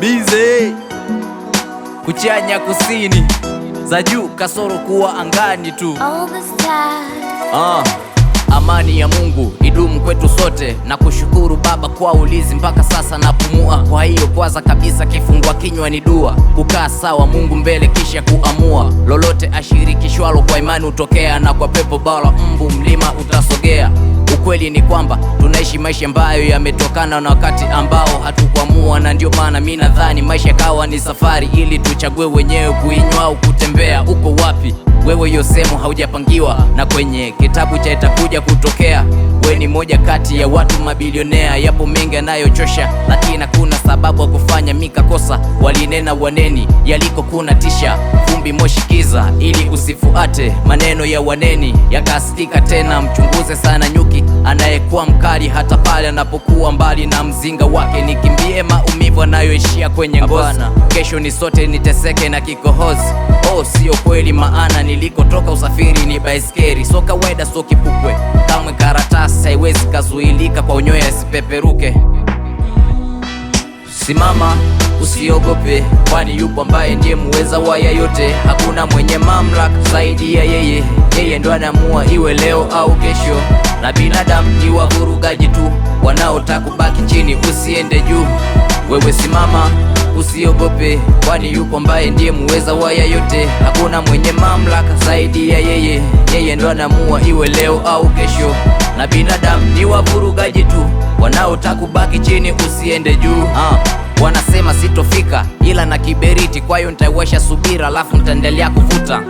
bize kuchanya kusini za juu kasoro kuwa angani tu ah, Amani ya Mungu idumu kwetu sote, na kushukuru Baba kwa ulizi mpaka sasa napumua. Kwa hiyo kwanza kabisa kifungua kinywa ni dua, kukaa sawa Mungu mbele kisha kuamua lolote ashirikishwalo, kwa imani hutokea, na kwa pepo bala mbu mlima utasogea. Ukweli ni kwamba tunaishi maisha ambayo yametokana na wakati ambao hatukuamua, na ndio maana mi nadhani maisha kawa ni safari, ili tuchague wenyewe kuinywa au kutembea. Uko wapi wewe? Hiyo sehemu haujapangiwa, na kwenye kitabu cha itakuja kutokea we ni moja kati ya watu mabilionea. Yapo mengi yanayochosha, lakini hakuna sababu ya kufanya mikakosa. Walinena waneni yaliko kuna tisha maombi moshikiza, ili usifuate maneno ya waneni yakasikika tena. Mchunguze sana nyuki anayekuwa mkali hata pale anapokuwa mbali na mzinga wake. Nikimbie maumivu anayoishia kwenye ngozi, kesho ni sote niteseke na kikohozi. Oh, sio kweli, maana nilikotoka usafiri ni baiskeli. So kawaida, so kipukwe, kamwe karatasi haiwezi kazuilika, kwa unyoya sipeperuke Simama, usiogope, kwani yupo ambaye ndiye muweza wa yote. Hakuna mwenye mamlaka zaidi ya yeye, yeye ndo anaamua iwe leo au kesho. Na binadamu ni wavurugaji tu wanaotaka kubaki chini, usiende juu. Wewe simama, usiogope, kwani yupo ambaye ndiye muweza wa yote. Hakuna mwenye mamlaka zaidi ya yeye, yeye ndo anaamua iwe leo au kesho na binadamu ni wavurugaji tu wanaotaka kubaki chini, usiende juu uh. Wanasema sitofika ila na kiberiti, kwayo nitaiwesha subira, alafu nitaendelea kuvuta.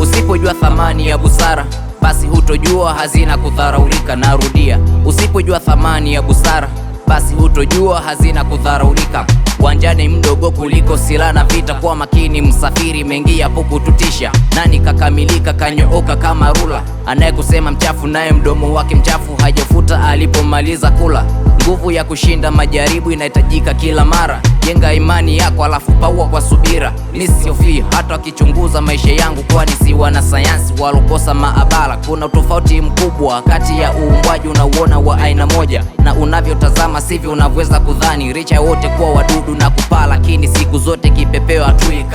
Usipojua thamani ya busara, basi hutojua hazina kudharaulika. Narudia, usipojua thamani ya busara, basi hutojua hazina kudharaulika wanjani mdogo kuliko sila na vita. Kwa makini msafiri, mengi yapo kututisha. Nani kakamilika kanyooka kama rula? Anayekusema mchafu naye mdomo wake mchafu, hajafuta alipomaliza kula. Nguvu ya kushinda majaribu inahitajika kila mara. Jenga imani yako, alafu paua kwa subira. Nisihofia hata wakichunguza maisha yangu, kwani si wanasayansi walokosa maabara. Kuna tofauti mkubwa kati ya uumbwaji unauona wa aina moja na unavyotazama sivyo unavyoweza kudhani, richa wote kuwa wadudu na kupaa, lakini siku zote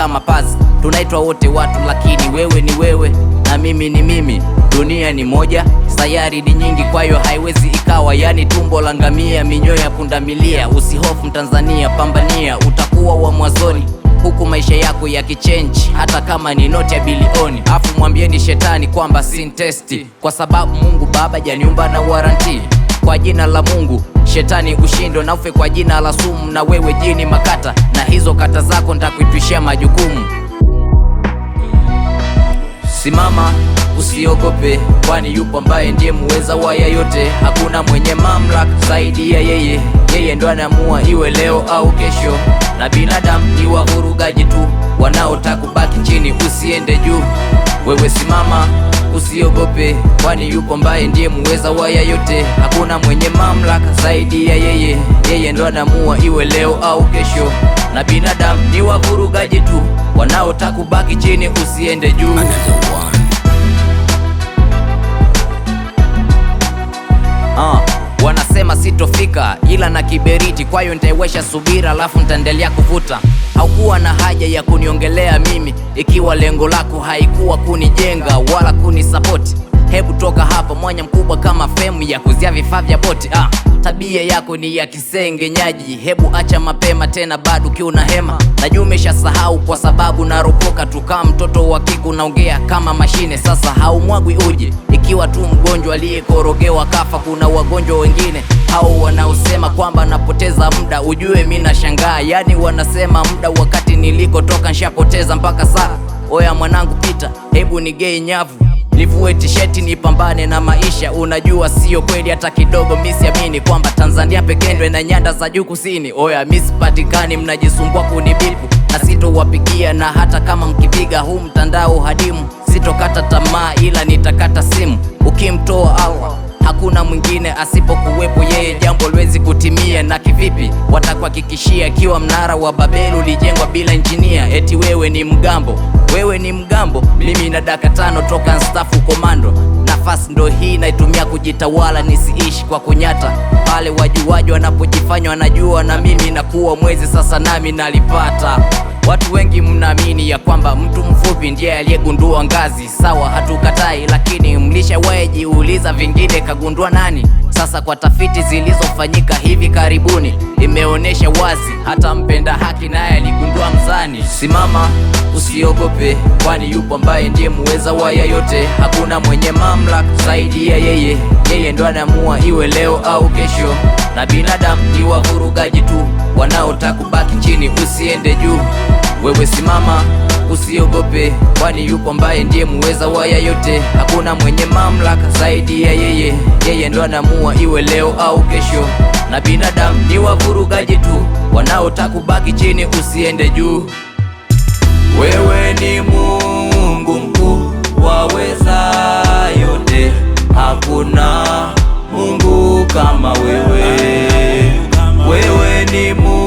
kama pazi, tunaitwa wote watu, lakini wewe ni wewe na mimi ni mimi. Dunia ni moja, sayari ni nyingi, kwa hiyo haiwezi ikawa, yani tumbo la ngamia, ya pundamilia. Usihofu Mtanzania, pambania, utakuwa wa mwanzoni huku maisha yako yakichenji, hata kama ni noti ya bilioni. Afu mwambieni shetani kwamba sintesti testi, kwa sababu Mungu Baba janiumba na waranti. Kwa jina la Mungu shetani ushindo na ufe kwa jina la sumu, na wewe jini makata, na hizo kata zako ntakuitwishia majukumu. Simama usiogope, kwani yupo ambaye ndiye muweza wa yote. Hakuna mwenye mamlaka zaidi ya yeye, yeye ndo anaamua iwe leo au kesho, na binadamu ni wavurugaji tu wanaotaka kubaki chini, usiende juu. Wewe simama usiogope, kwani yupo mbaye ndiye muweza waya yote. Hakuna mwenye mamlaka zaidi ya yeye, yeye ndo anamua iwe leo au kesho, na binadamu ni wavurugaji tu wanaotaka kubaki chini, usiende juu. sitofika, ila na kiberiti, kwayo nitaiwesha subira, alafu nitaendelea kuvuta. Haukuwa na haja ya kuniongelea mimi, ikiwa lengo lako haikuwa kunijenga wala kunisapoti Hebu toka hapa, mwanya mkubwa kama femu ya kuzia vifaa vya boti ah. Tabia yako ni ya kisengenyaji, hebu acha mapema tena, bado ukiwa na hema. Najua umeshasahau kwa sababu naropoka tu kama mtoto wa kike, unaongea kama mashine. Sasa haumwagwi uje ikiwa tu mgonjwa aliyekorogewa kafa. Kuna wagonjwa wengine hao wanaosema kwamba napoteza muda, ujue mi nashangaa, yani wanasema muda wakati nilikotoka nshapoteza mpaka saa. Oya mwanangu, pita hebu nigei nyavu nivue tisheti nipambane na maisha. Unajua sio kweli hata kidogo, misiamini kwamba Tanzania pekendwe na nyanda za juu kusini. Oya patikani mnajisumbua kunibipu na sitowapigia, na hata kama mkipiga huu mtandao hadimu, sitokata tamaa, ila nitakata simu. Ukimtoa Allah hakuna mwingine asipokuwepo yeye, jambo liwezi kutimia. Na kivipi watakuhakikishia, ikiwa mnara wa Babeli ulijengwa bila injinia? Eti wewe ni mgambo wewe ni mgambo, mimi na daka tano toka nstaafu komando. Nafasi ndo hii naitumia kujitawala, nisiishi kwa kunyata. Pale wajuwaji wanapojifanya wanajua, na mimi nakuwa mwezi sasa, nami nalipata ndiye aliyegundua ngazi. Sawa, hatukatai, lakini mlishawahi jiuliza vingine kagundua nani? Sasa kwa tafiti zilizofanyika hivi karibuni imeonyesha wazi, hata mpenda haki naye aligundua mzani. Simama, usiogope, kwani yupo ambaye ndiye muweza wa yote. Hakuna mwenye mamlaka zaidi ya yeye, yeye ndo anaamua iwe leo au kesho. Na binadamu ni wavurugaji tu wanaotakubaki chini, usiende juu. Wewe simama usiogope, kwani yupo mbaye ndiye muweza waya yote. Hakuna mwenye mamlaka zaidi ya yeye, yeye ndo anamua iwe leo au kesho. Na binadamu ni wavurugaji tu, wanaotakubaki chini, usiende juu. Wewe ni Mungu mkuu, waweza yote, hakuna Mungu kama wewe. Wewe ni Mungu